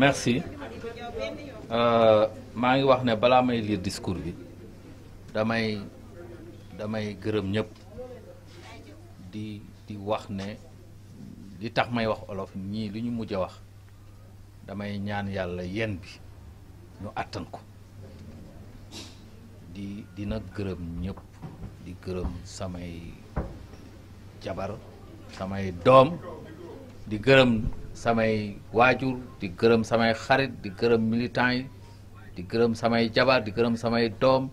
merci euh, ma ngi wax né bala may lire discours bi damay damay gërëm ñëpp di di wax né li tax may wax olof ñi li ñu mujj wax damay ñaan yalla yeen bi ñu di dina gërëm ñëpp di gërëm samay jabar samay dom di gërëm samay waajur di gërëm samay xarit di gërëm militants yi di gërëm samay jabar di gërëm samay doom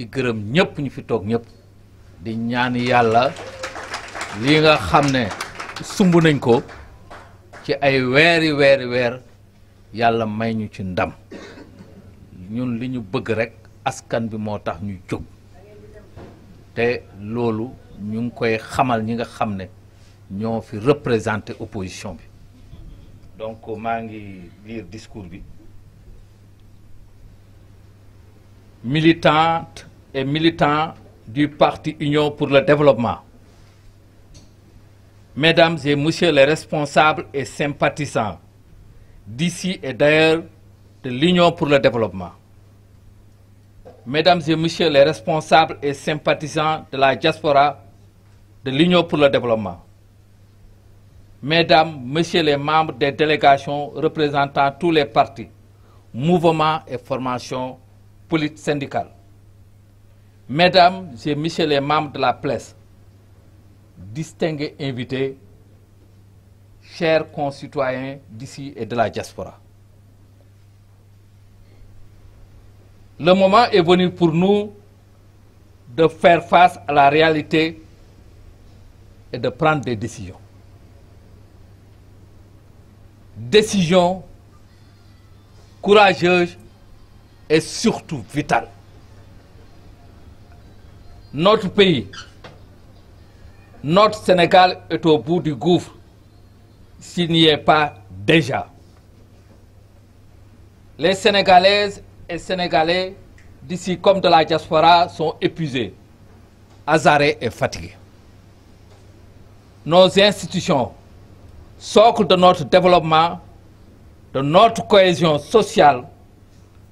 di gërëm ñëpp ñu fi toog ñëpp di ñaan yàlla lii nga xam ne sumb nañ ko ci ay weeri weeri weer yàlla may ñu ci ndam ñun li ñu bëgg rekk askan bi moo tax ñu jóg te loolu ñu ngi koy xamal ñi nga xam ne ñoo fi représenté opposition bi donc comment lire lire discours Militantes et militants du parti Union pour le développement mesdames et messieurs les responsables et sympathisants d'ici et d'ailleurs de l'Union pour le développement mesdames et messieurs les responsables et sympathisants de la diaspora de l'Union pour le développement Mesdames, Messieurs les membres des délégations représentant tous les partis, mouvements et formations politiques syndicales, Mesdames et Messieurs les membres de la place, distingués invités, chers concitoyens d'ici et de la diaspora. Le moment est venu pour nous de faire face à la réalité et de prendre des décisions décision courageuse et surtout vitale. Notre pays, notre Sénégal est au bout du gouffre s'il n'y est pas déjà. Les Sénégalaises et Sénégalais d'ici comme de la diaspora sont épuisés, hasarés et fatigués. Nos institutions, socle de notre développement, de notre cohésion sociale,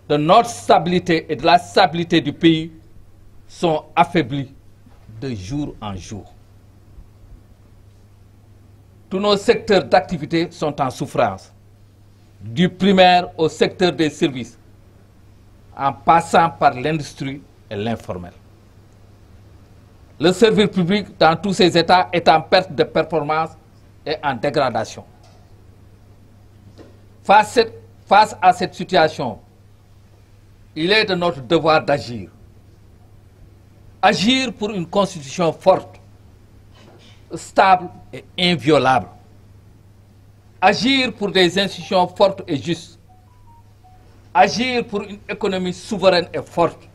de notre stabilité et de la stabilité du pays sont affaiblis de jour en jour. Tous nos secteurs d'activité sont en souffrance, du primaire au secteur des services, en passant par l'industrie et l'informel. Le service public dans tous ces États est en perte de performance est en dégradation. Face, face à cette situation, il est de notre devoir d'agir. Agir pour une constitution forte, stable et inviolable. Agir pour des institutions fortes et justes. Agir pour une économie souveraine et forte.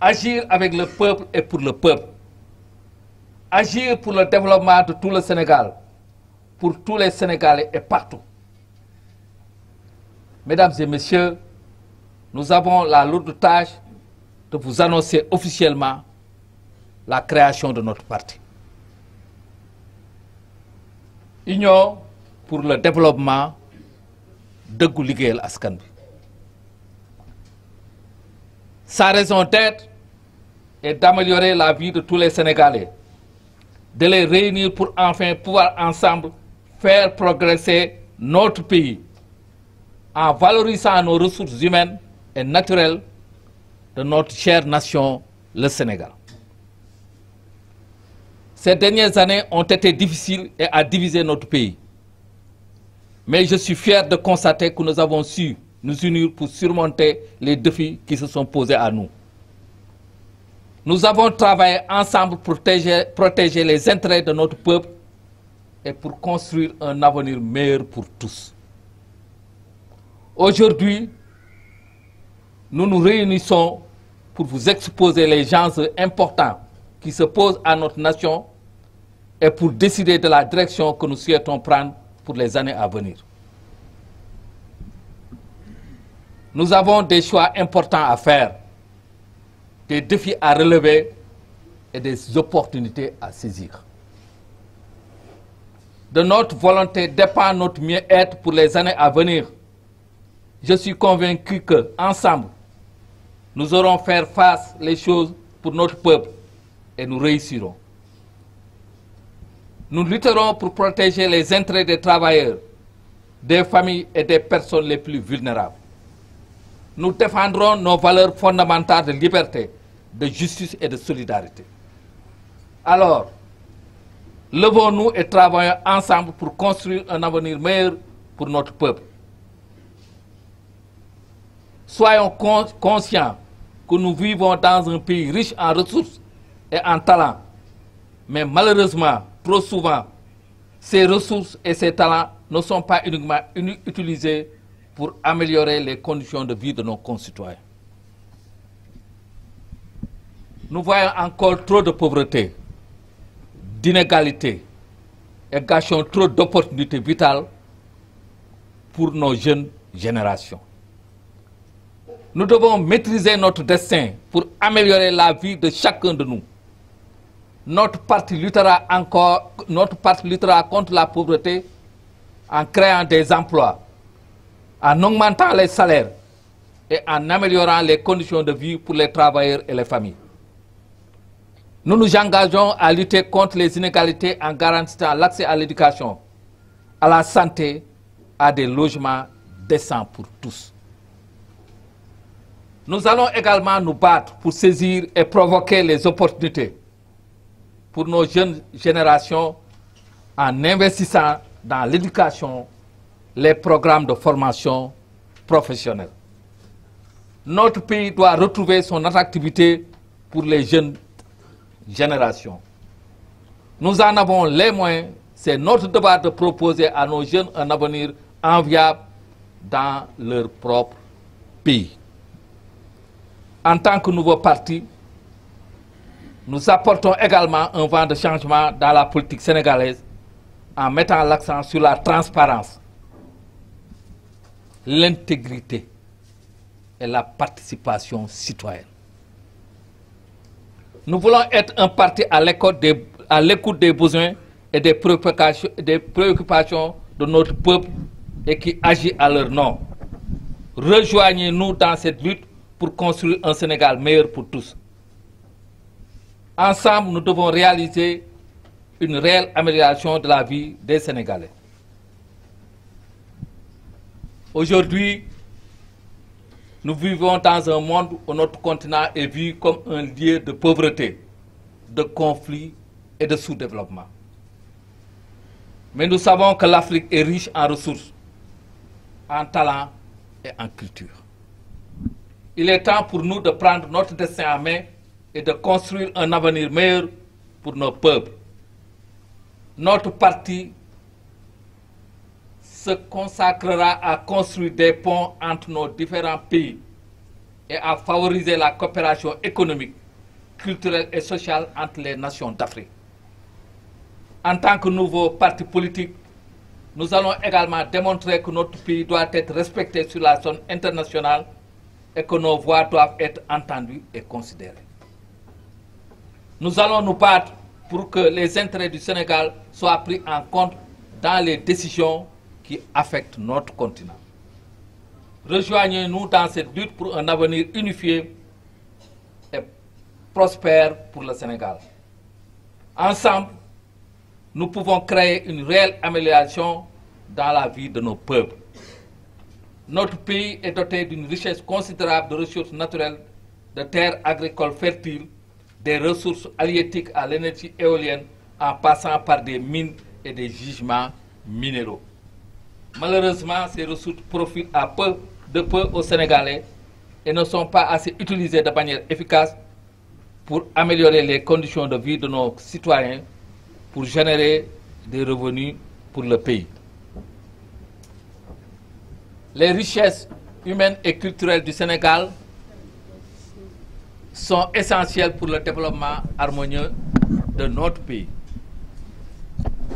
Agir avec le peuple et pour le peuple. Agir pour le développement de tout le Sénégal pour tous les Sénégalais et partout. Mesdames et messieurs, nous avons la lourde tâche de vous annoncer officiellement la création de notre parti. Union pour le développement de Gouliguel Askanbi. Sa raison d'être est d'améliorer la vie de tous les Sénégalais, de les réunir pour enfin pouvoir ensemble faire progresser notre pays en valorisant nos ressources humaines et naturelles de notre chère nation, le Sénégal. Ces dernières années ont été difficiles et ont divisé notre pays. Mais je suis fier de constater que nous avons su nous unir pour surmonter les défis qui se sont posés à nous. Nous avons travaillé ensemble pour protéger les intérêts de notre peuple et pour construire un avenir meilleur pour tous. Aujourd'hui, nous nous réunissons pour vous exposer les enjeux importants qui se posent à notre nation et pour décider de la direction que nous souhaitons prendre pour les années à venir. Nous avons des choix importants à faire, des défis à relever et des opportunités à saisir de notre volonté dépend notre mieux-être pour les années à venir. Je suis convaincu que, ensemble, nous aurons faire face les choses pour notre peuple et nous réussirons. Nous lutterons pour protéger les intérêts des travailleurs, des familles et des personnes les plus vulnérables. Nous défendrons nos valeurs fondamentales de liberté, de justice et de solidarité. Alors, Levons-nous et travaillons ensemble pour construire un avenir meilleur pour notre peuple. Soyons conscients que nous vivons dans un pays riche en ressources et en talents. Mais malheureusement, trop souvent, ces ressources et ces talents ne sont pas uniquement utilisés pour améliorer les conditions de vie de nos concitoyens. Nous voyons encore trop de pauvreté d'inégalités et gâchons trop d'opportunités vitales pour nos jeunes générations. Nous devons maîtriser notre destin pour améliorer la vie de chacun de nous. Notre parti luttera notre parti luttera contre la pauvreté en créant des emplois, en augmentant les salaires et en améliorant les conditions de vie pour les travailleurs et les familles. Nous nous engageons à lutter contre les inégalités en garantissant l'accès à l'éducation, à la santé, à des logements décents pour tous. Nous allons également nous battre pour saisir et provoquer les opportunités pour nos jeunes générations en investissant dans l'éducation, les programmes de formation professionnelle. Notre pays doit retrouver son attractivité pour les jeunes génération. Nous en avons les moyens. C'est notre devoir de proposer à nos jeunes un avenir enviable dans leur propre pays. En tant que nouveau parti, nous apportons également un vent de changement dans la politique sénégalaise en mettant l'accent sur la transparence, l'intégrité et la participation citoyenne. Nous voulons être un parti à l'écoute des, besoins et des préoccupations, des préoccupations de notre peuple et qui agit à leur nom. Rejoignez-nous dans cette lutte pour construire un Sénégal meilleur pour tous. Ensemble, nous devons réaliser une réelle amélioration de la vie des Sénégalais. Aujourd'hui, nous vivons dans un monde où notre continent est vu comme un lieu de pauvreté, de conflits et de sous-développement. Mais nous savons que l'Afrique est riche en ressources, en talents et en culture. Il est temps pour nous de prendre notre destin en main et de construire un avenir meilleur pour nos peuples. Notre parti se consacrera à construire des ponts entre nos différents pays et à favoriser la coopération économique, culturelle et sociale entre les nations d'Afrique. En tant que nouveau parti politique, nous allons également démontrer que notre pays doit être respecté sur la zone internationale et que nos voix doivent être entendues et considérées. Nous allons nous battre pour que les intérêts du Sénégal soient pris en compte dans les décisions qui affectent notre continent. Rejoignez-nous dans cette lutte pour un avenir unifié et prospère pour le Sénégal. Ensemble, nous pouvons créer une réelle amélioration dans la vie de nos peuples. Notre pays est doté d'une richesse considérable de ressources naturelles, de terres agricoles fertiles, des ressources halieutiques à l'énergie éolienne, en passant par des mines et des jugements minéraux. Malheureusement, ces ressources profitent à peu de peu aux Sénégalais et ne sont pas assez utilisées de manière efficace pour améliorer les conditions de vie de nos citoyens, pour générer des revenus pour le pays. Les richesses humaines et culturelles du Sénégal sont essentielles pour le développement harmonieux de notre pays.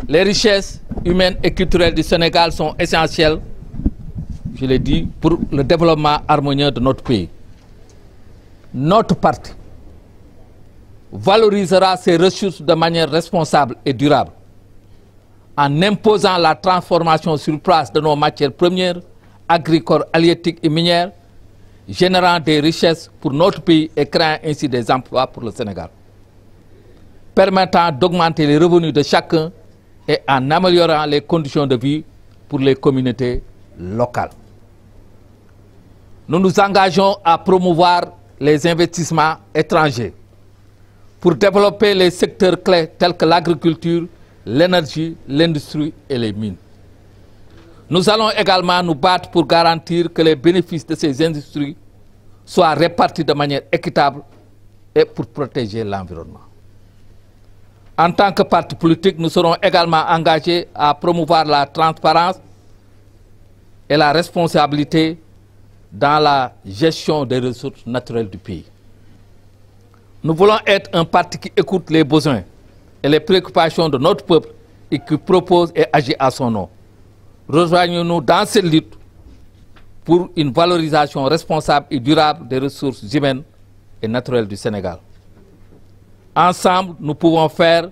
Les richesses humaines et culturelles du Sénégal sont essentielles, je l'ai dit, pour le développement harmonieux de notre pays. Notre parti valorisera ces ressources de manière responsable et durable en imposant la transformation sur place de nos matières premières, agricoles, halieutiques et minières, générant des richesses pour notre pays et créant ainsi des emplois pour le Sénégal, permettant d'augmenter les revenus de chacun et en améliorant les conditions de vie pour les communautés locales. Nous nous engageons à promouvoir les investissements étrangers pour développer les secteurs clés tels que l'agriculture, l'énergie, l'industrie et les mines. Nous allons également nous battre pour garantir que les bénéfices de ces industries soient répartis de manière équitable et pour protéger l'environnement. En tant que parti politique, nous serons également engagés à promouvoir la transparence et la responsabilité dans la gestion des ressources naturelles du pays. Nous voulons être un parti qui écoute les besoins et les préoccupations de notre peuple et qui propose et agit à son nom. Rejoignez-nous dans cette lutte pour une valorisation responsable et durable des ressources humaines et naturelles du Sénégal. Ensemble, nous pouvons faire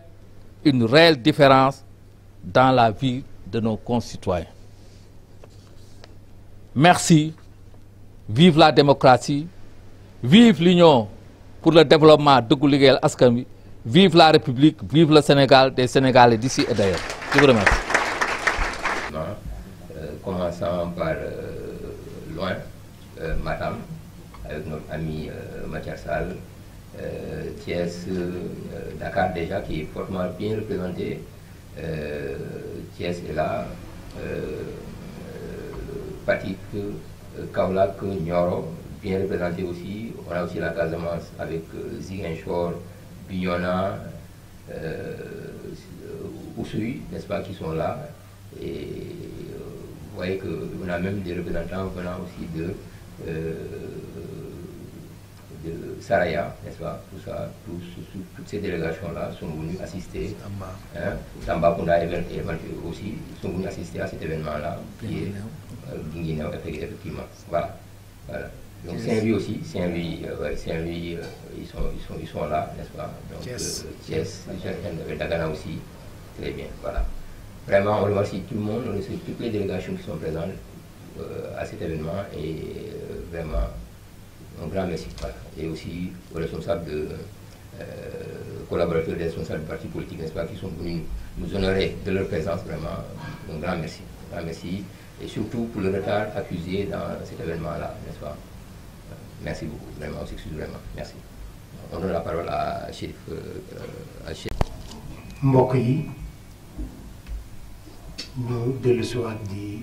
une réelle différence dans la vie de nos concitoyens. Merci. Vive la démocratie. Vive l'Union pour le développement de Gouligel Askami. Vive la République. Vive le Sénégal des Sénégalais d'ici et d'ailleurs. Je vous remercie. Euh, commençons par euh, euh, madame, avec ami euh, Thiès, euh, Dakar déjà, qui est fortement bien représenté. Euh, Thiès est là, Patik, Kaulak, Nyoro, bien représenté aussi. On a aussi la Casamance avec Ziguinchor, Bignona, euh, n'est-ce pas, qui sont là. Et vous voyez qu'on a même des représentants venant aussi de, de Saraya, n'est-ce pas Tout ça, tout, toutes ces délégations-là sont venues assister. Hein, Samba Kunda aussi sont venus assister à cet événement-là, qui est euh, effectivement. Voilà. voilà. Donc Saint-Louis aussi, Saint-Louis, euh, ouais, euh, ils, sont, ils, sont, ils sont là, n'est-ce pas Donc Thiès, yes. Euh, yes, Dagana aussi, très bien, voilà. Vraiment, on remercie tout le monde, on remercie toutes les délégations qui sont présentes euh, à cet événement et vraiment un grand merci. et aussi aux responsables de euh, collaborateurs des responsables du parti politique, n'est-ce pas, qui sont venus nous honorer de leur présence, vraiment un grand merci. Un merci et surtout pour le retard accusé dans cet événement-là, n'est-ce pas. Euh, merci beaucoup, vraiment, on s'excuse vraiment. Merci. On donne la parole à chef. Euh, à de le soir dit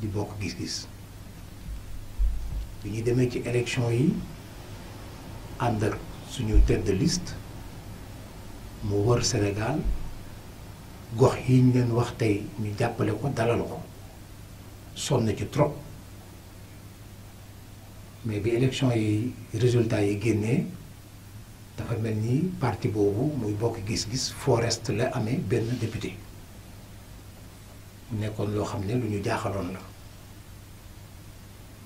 di bokk gis-gis bi ñu ci élection yi ànd suñu tête de liste mu Sénégal gox yi ñu leen wax tey ñu jàppale ko dalal ko sonn ci trop mais bi élection yi résultat yi dafa parti boobu muy bokk gis-gis forest la amee benn député nekkoon loo xam ne lu ñu jaaxaloon la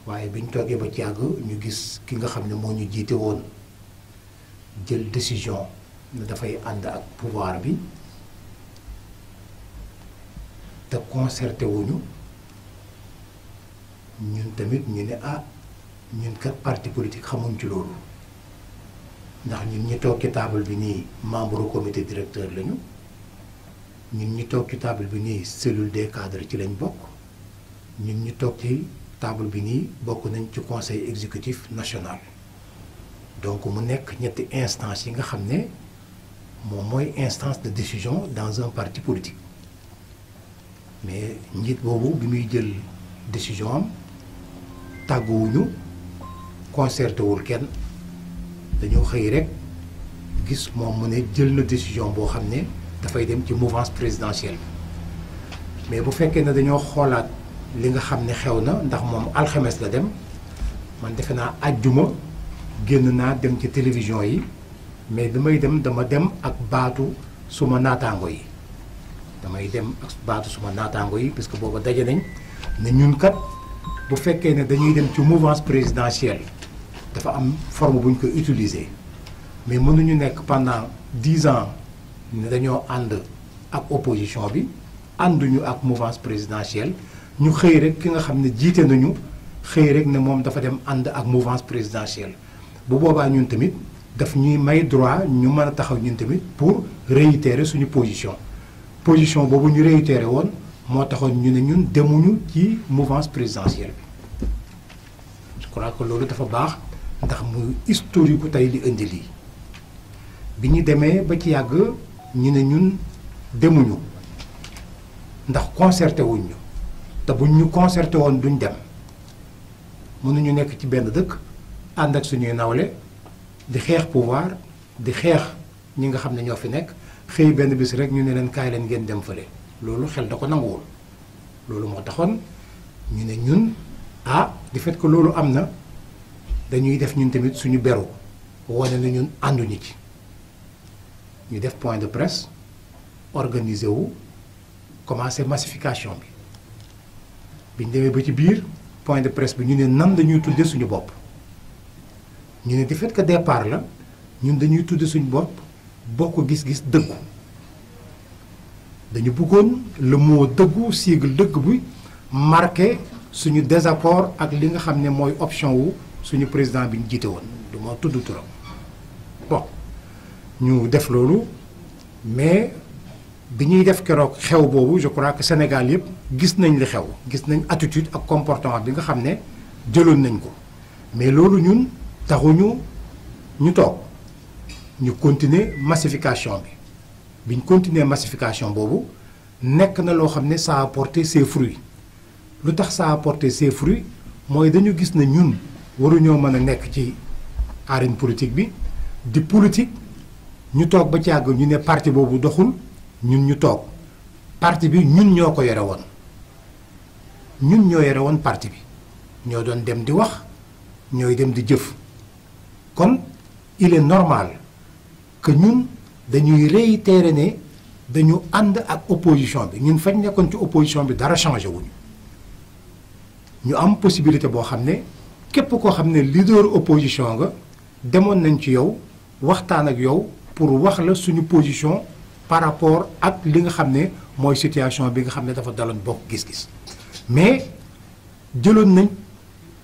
waaye bi ñu toogee ba ci àgg ñu gis ki nga xam ne moo ñu jiite woon jël décision ne dafay ànd ak pouvoir bi te concerté wuñu ñun tamit ñu ne ah ñun kat parti politique xamuñ ci loolu ndax ñun ñi toog ci table bi nii membre comité directeur lañu ñun ñu toog ci table bi nii cellule des cadres ci lañ bokk ñun ñu toog ci table bi nii bokk nañ ci conseil exécutif national donc mu nekk ñetti instance yi nga xam ne moom mooy instance de décision dans un parti politique mais njiit boobu bi muy jël décision am tàgguwuñu concerté wul kenn dañoo xëy rek gis moom mu ne jël na décision boo xam ne dafay dem ci mouvance présidentielle mais bu fekkee ne dañoo xoolaat li nga xam ne xew na ndax moom alxames la dem man defe naa àjjuma génn naa dem ci télévision yi mais bi dem dama dem ak baatu suma naataango yi damay dem ak baatu suma naataango yi parce que booba daje nañ ne ñun kat bu fekkee ne dañuy dem ci mouvance présidentielle dafa am forme buñ ko utiliser mais mënuñu nekk pendant dix ans ne dañoo and ak opposition bi ñu ak mouvance présidentielle ñu xey rek ki nga xamné jité nañu xey rek né mom dafa dem and ak mouvance présidentielle bu boba ñun tamit daf ñuy may droit ñu mëna taxaw ñun tamit pour réitérer suñu position position bobu ñu réitérer won mo taxone ñu ne ñun demuñu ci mouvance présidentielle bi je crois que loolu dafa bax ndax mu historique tay li indi li bi ñu demee ba ci yagg nous ne ñun demuñu ndax concerté wuñ ñu te concerté Nous duñ dem mënuñu nekk ci benn dëkk ànd ak suñuy nawle di xeex pouvoir di xeex ñi nga xam ne ñoo fi nekk xëy benn bis rek ñu ne leen kaay leen ngeen dem fële loolu xel da ko nanguwul loolu moo taxoon ñu ne ñun ah du fait que loolu am na dañuy def ñun tamit suñu beru nous ñun ñu def point de presse organisé wu la massification bi biñ demee ba ci biir point de presse bi ñu ne nan nous suñu bopp ñu ne fait que départ la ñun dañuy tudde suñu bopp bokku gis-gis dëggu dañu bëggoon le mot dëggu sigle dëgg bi marqué suñu désaccord ak li nga nous ne mooy option wu suñu président bi ñu jiite du ma bon ñu def lolu mais biñuy def keroog xew bobu je crois que Sénégal yépp gis nañ li xew gis nañ attitude ak comportement bi nga xamné ne nañ ko mais lolu ñun taxuñu ñu toog ñu continuer massification bi biñ continuer massification bobu nek na lo xamné ça a porté ses fruits lu tax ça a porté ses fruits moy dañu gis ne ñun waruñoo mën a nekk ci arène politique bi di politique ñu toog ba ci àgg ñu ne parti boobu doxul ñun ñu toog parti bi ñun ñoo ko yore woon ñun ñoo yore woon parti bi ñoo doon dem di wax ñooy dem di jëf kon il est normal que ñun dañuy réitérer ne dañu ànd ak opposition bi ñun fañ nekkoon ci opposition bi dara changé wuñu ñu am possibilité boo xam ne képp koo xam ne leader opposition nga demoon nañ ci yow waxtaan ak yow pour voir la position par rapport à li nga moi ne la situation bi nga xam ne dafa daloon gis-gis mais jëloon nañ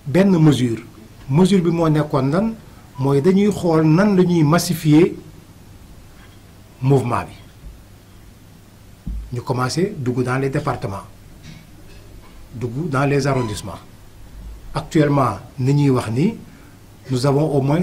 ben mesure mesure bi moo de nan mooy dañuy xool nan de massifier mouvement Nous commençons commencé dans les départements d'où dans les arrondissements actuellement ni nous avons au moins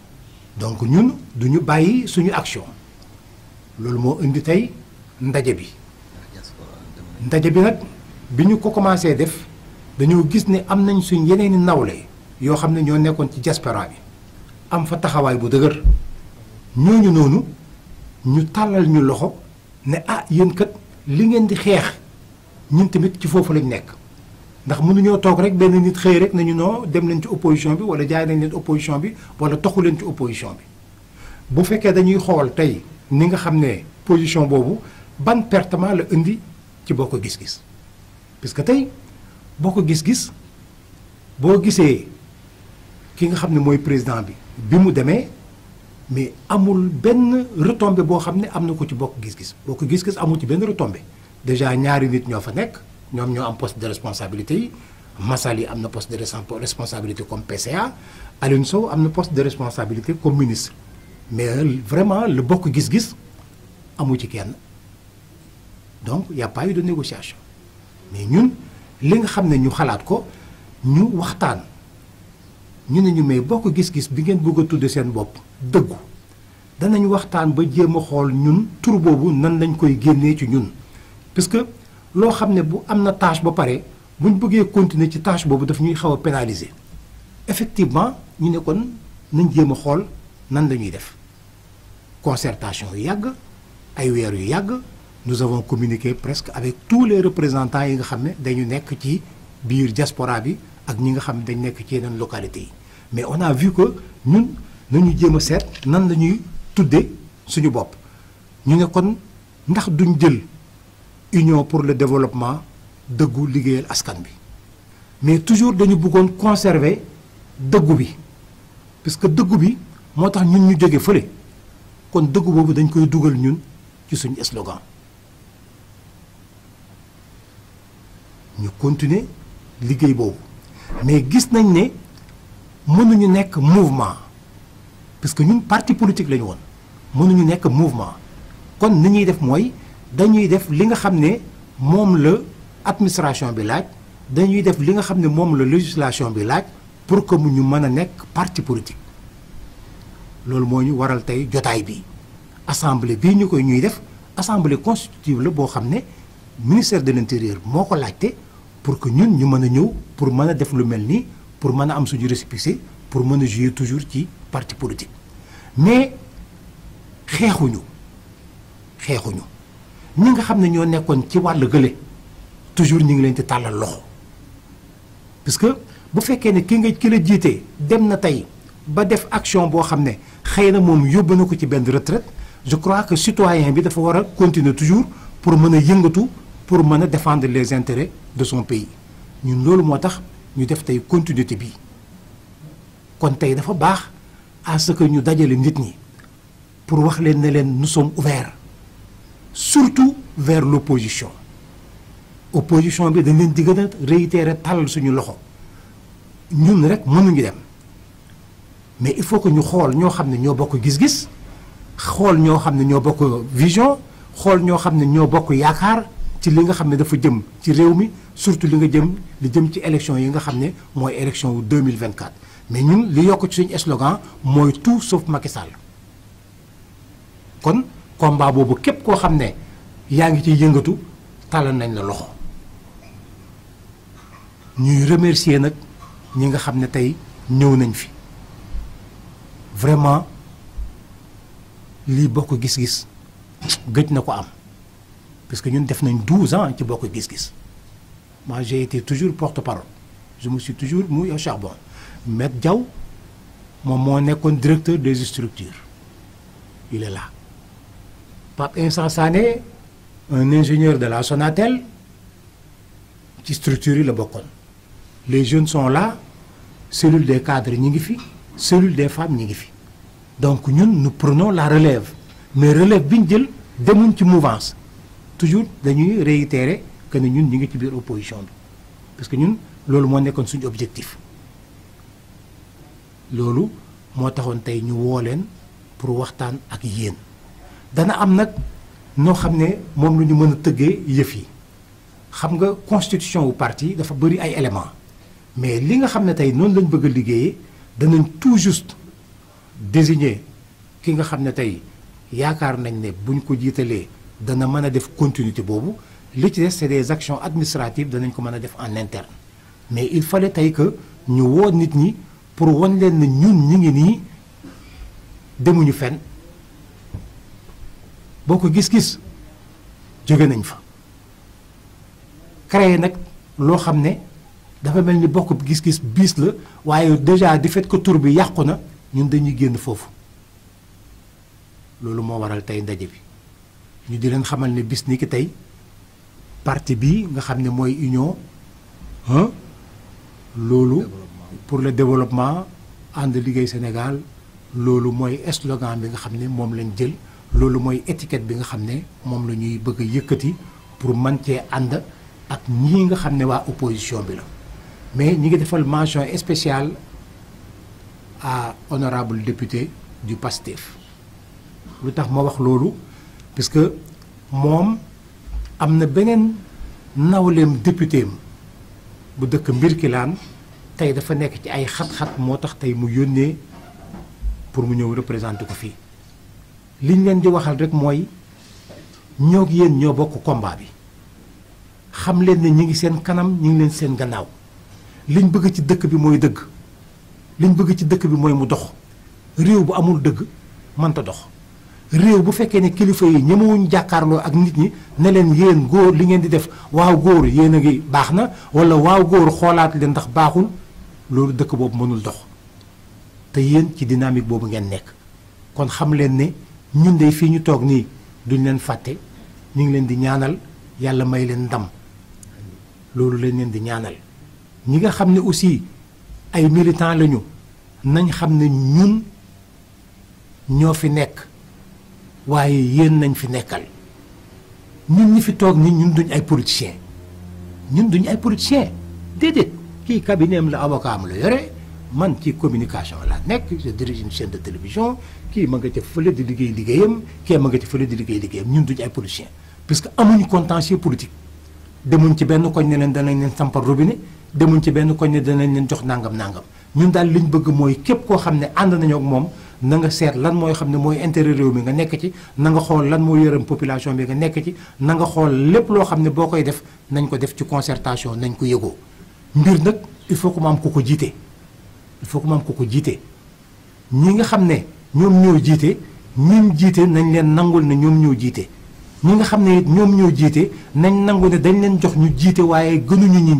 donc ñun du ñu bàyyi suñu action loolu moo indi tey ndaje bi ndaje bi nag bi ñu ko commencé def dañoo gis ne am nañ suñ yeneen i nawle yoo xam ne ñoo nekkoon ci diaspora bi am fa taxawaay bu dëgër ñooñu noonu ñu tàllal ñu loxo ne ah yéen kat li ngeen di xeex ñun tamit ci foofu lañ nekk ndax mënuñoo toog rek benn nit xëy rek nañu noo dem leen ci opposition bi wala jaay nañ leen opposition bi wala toxu leen ci opposition bi bu fekkee dañuy xool tey ni nga xam ne position boobu ban pertement la indi ci boo ko gis-gis parce que tey boo ko gis-gis boo gisee ki nga xam ne mooy président bi bi mu demee mais amul benn retombé boo xam ne am na ko ci bokk gis-gis boo ko gis-gis amul ci benn retombé déjà ñaari nit ñoo fa nekk nous avons un poste de responsabilité Massali a un poste de responsabilité comme PCA Alunso a un poste de responsabilité comme ministre mais vraiment le bokk gis-gis amu ci kenn donc n'y a pas eu de négociation mais nous, li nga nous savons, ñu nous ko ñu waxtaan ñu ne ñu mais bokk gis-gis bi ngeen bëgg a tudde seen bopp dëggu danañ waxtaan ba jëm xol ñun tur boobu nan lañ koy génnee ci ñun que loo xam ne bu am na tâche ba pare buñ bëggee continuer ci tâche boobu daf ñuy xaw a pénaliser effectivement ñu ne kon nañ jéem a xool nan la ñuy def concertation yu yàgg ay weer yu yàgg nous avons communiqué presque avec tous les représentants yi nga xam ne dañu nekk ci biir diaspora bi ak ñi nga xam ne dañ nekk ci yeneen localité yi mais on a vu que ñun nañu jéem a seet nan la ñuy tudde suñu bopp ñu ne kon ndax duñ jël union pour le développement de liggéeyal askan bi mais toujours nous bëggoon conserver dëggu puisque dëggu bi moo tax ñun ñu jóge Donc kon nous boobu dañ koy dugal ñun slogan Nous continuer liguey Mais mais gis nañ ne mënuñu nek mouvement parce que ñun parti politique les won mon mënuñu mouvement kon ni ñuy def moy dañuy def li nga xam ne moom la administration bi laaj dañuy def li nga xam ne moom la législation bi laaj pour que mu ñu mën a nekk parti politique loolu moo ñu waral tey jotaay bi assemblée bii ñu koy ñuy def assemblée constitutive la boo xam ne ministère de l'intérieur moo ko laajte pour que ñun ñu mën a ñëw pour mën a def lu mel nii pour mën a am suñu récépissé pour mën a jouer toujours ci parti politique mais xeexuñu xeexuñu ñi nga xam ne ñoo nekkoon ci wàll gële toujours ñi ngi leen di tàllal loxo parce que bu fekkee ne ki nga ki la jiitee dem na tey ba def action boo xam ne xëy na moom yóbbu na ko ci benn retraite je crois que citoyen bi dafa war a continuer toujours pour mën a yëngatu pour mën a défendre les intérêts de son pays ñun loolu moo tax ñu def tey continuité bi kon tey dafa baax à ce que ñu dajale nit ñi pour wax leen ne leen nous sommes ouverts surtout vers l'opposition opposition bi dañ leen di gën tal réitérer tàllal suñu loxo ñun rek mënuñu dem mais il faut que ñu xool ñoo xam ne ñoo bokk gis-gis xool ñoo xam ne bokk vision xool ñoo xam ne ñoo bokk yaakaar ci li nga xamné dafa jëm ci réew mi surtout li nga jëm li jëm ci élection yi nga xamné moy élection wu 2024 mais ñun li yok ci suñu slogan moy tout sauf Macky Sall kon combat bobu képp koo xam ne yaa ngi ciy yëngatu tàllal nañ la loxo ñuy remercier nag ñi nga xam ne tey ñëw nañ fi vraiment lii bokk gis-gis gëj na ko am parce que ñun def nañ 12 ans ci bokk gis-gis moi j'ai été toujours porte-parole je me suis toujours mouillé au charbon Maître Diaw moom moo nekkoon directeur des structures il est là Pape un ingénieur de la Sonatel qui structure le Bocon les jeunes sont là cellules des cadres ñi ngi cellules des femmes ñi donc nous prenons la relève mais relève bi ñu des mouvance toujours nous réitérer que nous ñun ñu opposition parce que nous, le moo nekkoon suñu objectif loolu moi taxoon tey ñu pour waxtaan ak yéen dana am nag noo xam ne moom la ñu constitution wu parti dafa bëri ay éléments mais li nga xam ne tey lañ tout juste désigner ki nga ne tey nañ ne buñ ko jiitalee dana mën def continuité boobu li ci des des actions administratives def en interne mais il fallait que ñu woo nit ñi pour wan ne ñun ñi ngi boko gis-gis nañ fa créé nak lo xamné dafa gis-gis la déjà di fait que y'a bi a, ñun dañuy fofu lolu mo waral tay ndaje bi ñu di xamal bis ni ki parti bi nga xamné moy union hein, pour le développement and Sénégal lolu moy slogan bi nga xamné mom lañ loolu mooy étiquette bi nga xam ne moom la ñuy bëgg a yëkkati pour mën cee ànd ak ñii nga xam ne waa opposition bi la mais ñi ngi defal mention spéciale à honorable député du PASTEF lu tax ma wax loolu parce que moom am na beneen nawleem député bu dëkk Mbirkilaan tey dafa nekk ci ay xat-xat moo tax tey mu yónnee pour mu ñëw représenter ko fii liñ leen di waxal rek mooy ñoo ak yéen ñoo bokk komba bi xam leen ne ñi ngi seen kanam ñi ngi leen seen gannaaw liñ bëgg ci dëkk bi mooy dëgg liñ bëgg ci dëkk bi mooy mu dox réew bu amul dëgg mënta dox réew bu fekkee ne kilifa yi ñemewuñ jàkkaarloo ak nit ñi ne leen yéen góor li ngeen di def waaw góor yéen a ngi baax na wala waaw góor xoolaat leen ndax baaxul loolu dëkk boobu mënul dox te yéen ci dynamique boobu ngeen nekk kon xam leen ne ñun de fii ñu toog nii duñ leen fàtte ñu ngi leen di ñaanal yàlla may leen ndam loolu leen leen di ñaanal ñi nga xam ne aussi ay militants lañu nañ xam ne ñun ñoo fi nekk waaye yéen nañ fi nekkal ñun ñi fi toog nii ñun duñ ay politiciens ñun duñ ay politiciens déedéet kii cabinet am la avocat am la yore. man ci communication La nek je dirige une chaîne de télévision qui ma nga ca fële di liggéey liggéeyam kii ma nga ca fële di liggéey liggéeyam ñun duñu ay politiciens parce que amuñu contentieux politique demuñ ci benn koñ ne leen danañ leen sampar robinet demuñ ci benn koñ ne danañ leen jox nangam nangam ñun daal liñ bëgg mooy képp koo xam ne ànd nañoo ak moom na nga seet lan mooy xam ne mooy intérêt réew mi nga nekk ci na nga xool lan mooy yërëm population bi nga nekk ci na nga xool lépp loo xam ne boo koy def nañ ko def ci concertation nañ ko yëgoo mbir nag il faut que ma am ko ko jiite il faut que ko ko ñi nga xamné ne ñoo jiite ñim jiite nañ leen nangul ne ñom ñoo jiite ñi nga xamné ne ñoo nañ nangul ne dañ leen jox ñu ñin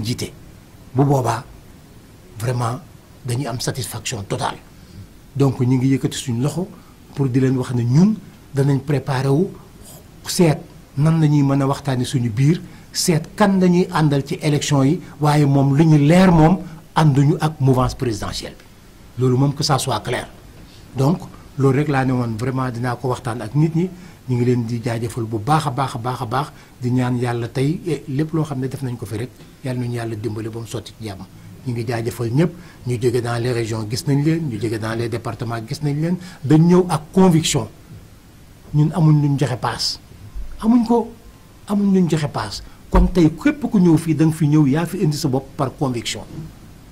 vraiment dañuy am satisfaction totale donc nous ngi yëkëti suñu loxo pour di leen wax ne ñun danañ préparé wu seet nan lañuy suñu biir kan lañuy àndal ci élection yi waaye ànduñu ak mouvance présidentielle bi loolu que ça soit clair donc le des vraiment dire ko waxtaan ak nit ñi ñu ngi leen nous a Nous di ñaan avons eh, nous def nañ ko fi rek nous faire. nous dans les régions gis dans les départements Nous nañ leen ak conviction ñun amuñ luñ joxe passe. amuñ ko amuñ nous passe. képp ku par conviction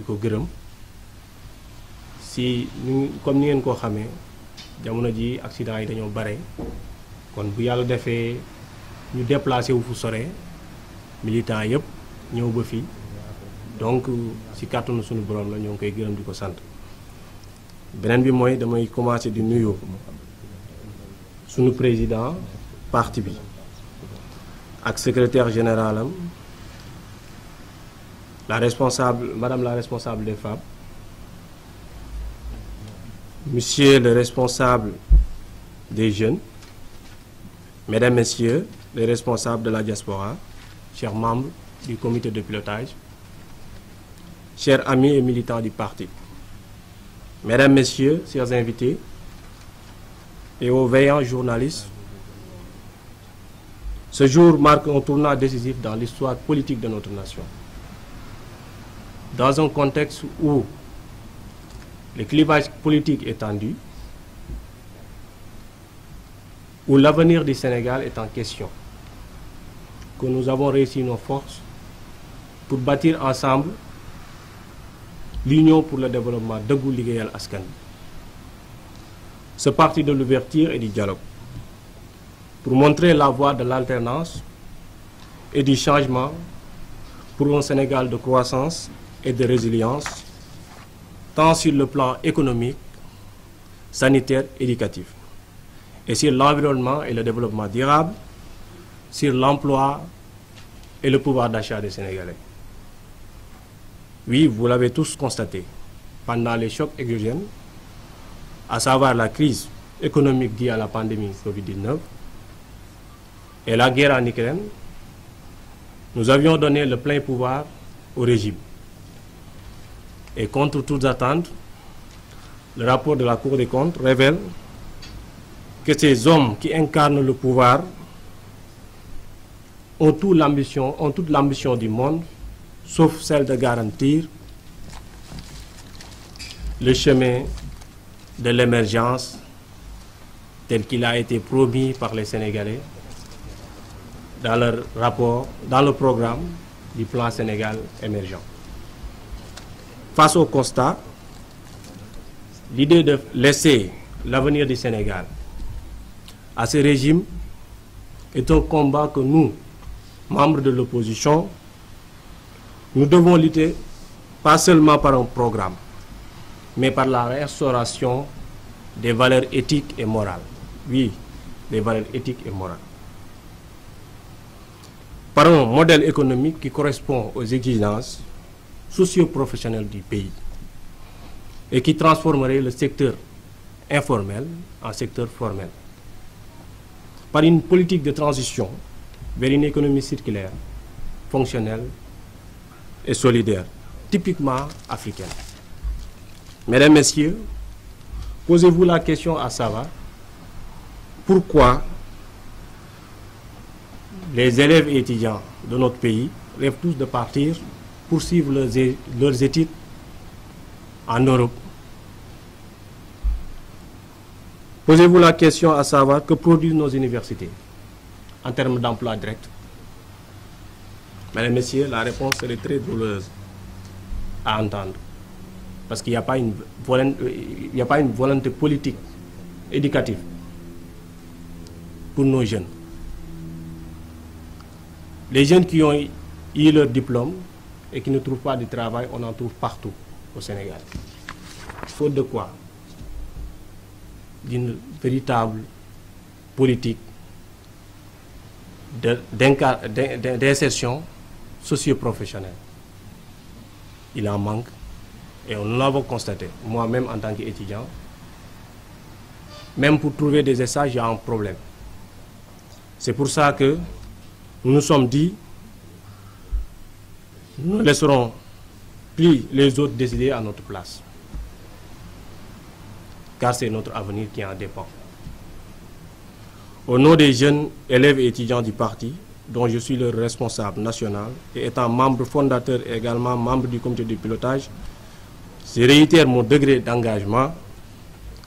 di ko gërëm si comme ni ngeen koo xamee jamono ji accident yi dañoo bare kon bu yàlla defee ñu déplacé wu fu sore militant yëpp ñëw ba fii donc si kàttanu suñu borom la ñoo ngi koy gërëm di ko sant beneen bi mooy damay commencé di nuyu suñu président parti bi ak secrétaire général am responsable, Madame la responsable des femmes, Monsieur le responsable des jeunes, Mesdames, Messieurs les responsables de la diaspora, chers membres du comité de pilotage, chers amis et militants du parti, Mesdames, Messieurs, chers invités et aux veillants journalistes, ce jour marque un tournant décisif dans l'histoire politique de notre nation dans un contexte où le clivage politique est tendu, où l'avenir du Sénégal est en question, que nous avons réussi nos forces pour bâtir ensemble l'Union pour le développement de Gouligayal Askan. Ce parti de l'ouverture et du dialogue, pour montrer la voie de l'alternance et du changement pour un Sénégal de croissance et de résilience, tant sur le plan économique, sanitaire, éducatif, et sur l'environnement et le développement durable, sur l'emploi et le pouvoir d'achat des Sénégalais. Oui, vous l'avez tous constaté, pendant les chocs exogènes, à savoir la crise économique due à la pandémie Covid-19 et la guerre en Ukraine, nous avions donné le plein pouvoir au régime. Et contre toutes attentes, le rapport de la Cour des comptes révèle que ces hommes qui incarnent le pouvoir ont, toute l'ambition du monde, sauf celle de garantir le chemin de l'émergence tel qu'il a été promis par les Sénégalais dans leur rapport, dans le programme du plan Sénégal émergent. Face au constat, l'idée de laisser l'avenir du Sénégal à ce régime est un combat que nous, membres de l'opposition, nous devons lutter pas seulement par un programme, mais par la restauration des valeurs éthiques et morales. Oui, des valeurs éthiques et morales. Par un modèle économique qui correspond aux exigences socioprofessionnel du pays et qui transformerait le secteur informel en secteur formel. Par une politique de transition vers une économie circulaire, fonctionnelle et solidaire, typiquement africaine. Mesdames, Messieurs, posez-vous la question à savoir pourquoi les élèves et étudiants de notre pays rêvent tous de partir Poursuivre leurs, études en Europe. Posez-vous la question à savoir que produisent nos universités en termes d'emploi direct. Mesdames, et Messieurs, la réponse est très douloureuse à entendre. Parce qu'il n'y a, une a pas une volonté politique, éducative pour nos jeunes. Les jeunes qui ont eu leur diplôme et qui ne trouvent pas de travail, on en trouve partout au Sénégal. Faute de quoi D'une véritable politique d'insertion socio-professionnelle. Il en manque et on l'avons constaté, moi-même en tant qu'étudiant. Même pour trouver des essais, il y a un problème. C'est pour ça que nous nous sommes dit nous laisserons plus les autres décider à notre place. Car c'est notre avenir qui en dépend. Au nom des jeunes élèves et étudiants du parti, dont je suis le responsable national, et étant membre fondateur et également membre du comité de pilotage, je réitère mon degré d'engagement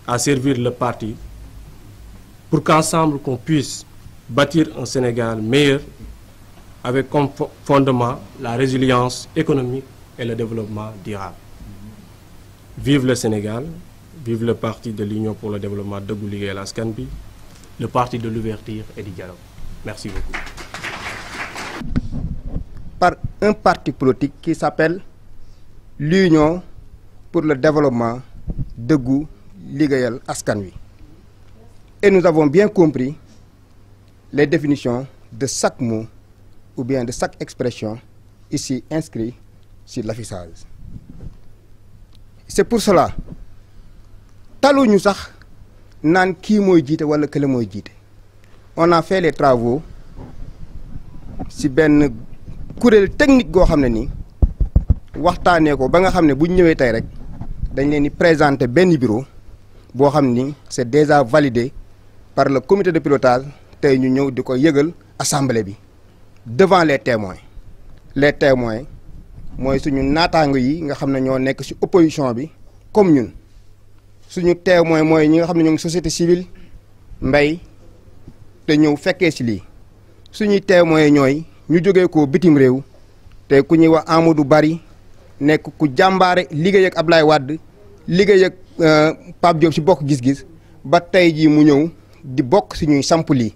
à servir le parti pour qu'ensemble qu'on puisse bâtir un Sénégal meilleur avec comme fondement la résilience économique et le développement durable. Vive le Sénégal, vive le parti de l'Union pour le développement de Goulié et le parti de l'ouverture et du dialogue. Merci beaucoup. Par un parti politique qui s'appelle l'Union pour le développement de Gou Ligayel Askanui. Et nous avons bien compris les définitions de chaque mot ou bien de chaque expression ici inscrite sur l'affichage c'est pour cela taluñu sax nan ki mooy jiite wala kële on a fait les travaux si ben courriel technique go xamné ni, waxtané ko ba nga xamné bu ñëwé tay rek dañ leen ni présenter ben bureau bo xam c'est déjà validé par le comité de pilotage tay ñu ñëw diko yëgal assemblée bi devant les témoins les témoins mooy suñu naataango yi nga xam ne ñoo nekk ci opposition bi comme ñun suñu témoin mooy ñi nga xam ne ñoo ngi société civile mbay te ñëw fekkee ci lii suñuy témoin ñooy ñu jógee ko bitim réew te ku ñuy wax du Bari nekk ku jàmbaare liggéey ak Ablaye Wade liggéey ak euh, Pape Diop ci bokk gis-gis ba tey jii mu ñëw di bokk ci ñuy samp lii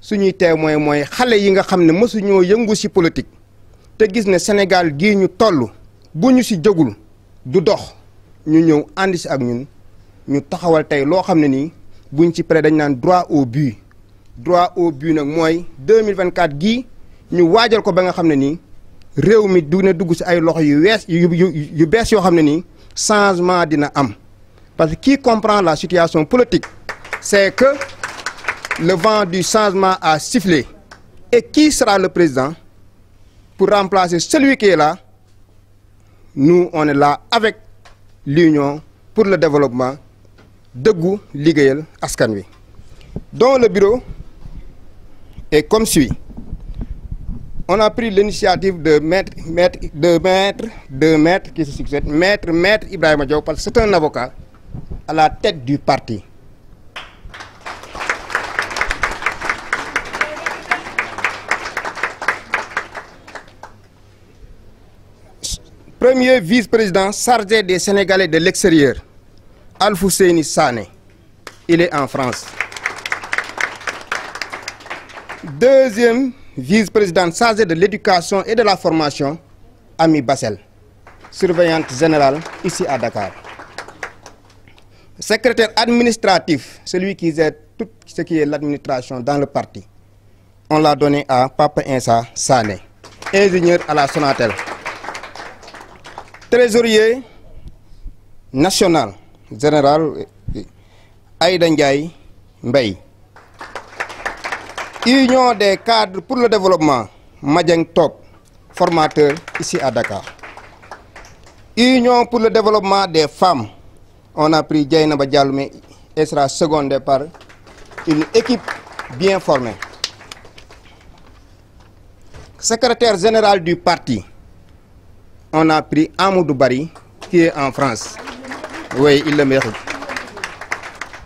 suñuy témoin mooy xale yi nga xam ne mësuñoo yëngu ci politique te gis ne Sénégal gii ñu toll bu ñu ci jógul du dox ñu ñëw ànd si ak ñun ñu taxawal tey loo xam ne nii buñ ci pare dañ naan droit au but droit au but nag mooy 2024 gii ñu waajal ko ba nga xam ne nii réew mi dina dugg ci ay loxo yu wees yu yu bees yoo xam ne nii changement dina am parce que qui comprend la situation politique c'est que le vent du changement a sifflé. Et qui sera le président pour remplacer celui qui est là Nous, on est là avec l'Union pour le développement de Gou Ligayel Askanwi, dont le bureau est comme suit. On a pris l'initiative de mettre de mettre de mettre qui se succède, Ibrahim Diop, parce que c'est un avocat à la tête du parti. Premier vice-président chargé des Sénégalais de l'extérieur, Alfousseini Sane. Il est en France. Deuxième vice-président chargé de l'éducation et de la formation, Ami Bassel, surveillante générale ici à Dakar. Secrétaire administratif, celui qui aide tout ce qui est l'administration dans le parti, on l'a donné à Papa Insa Sane, ingénieur à la Sonatelle trésorier national général euh, Aïda Ndiaye Mbaye union des cadres pour le développement Majeng Top formateur ici à Dakar union pour le développement des femmes on a pris Dieynaba mais elle sera secondée par une équipe bien formée secrétaire général du parti on a pris Amoudou Bari qui est en France. Oui, il le mérite.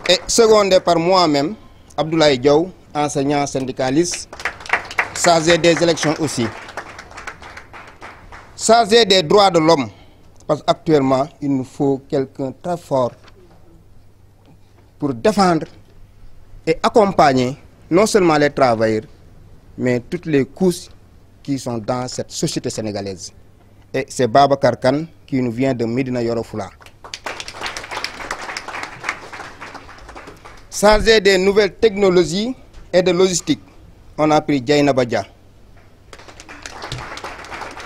Et secondé par moi-même, Abdoulaye Diou, enseignant syndicaliste, chargé des élections aussi. Chargé des droits de l'homme, parce qu'actuellement, il nous faut quelqu'un très fort pour défendre et accompagner non seulement les travailleurs, mais toutes les couches qui sont dans cette société sénégalaise. Et c'est Baba Karkan qui nous vient de Medina Yorofula. Sans des nouvelles technologies et de logistique, on a pris Jaina Badja.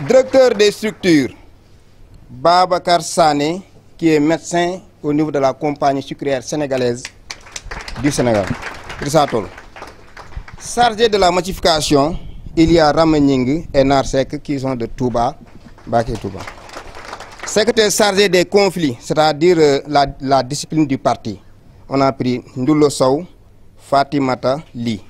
Directeur des structures, Baba Karsane, qui est médecin au niveau de la compagnie sucrière sénégalaise du Sénégal. Sargé Chargé de la modification, il y a Ramening et Narsek qui sont de Touba, Secrétaire chargé des conflits, c'est-à-dire euh, la, discipline du parti. On a pris Ndoulo Fatimata Li.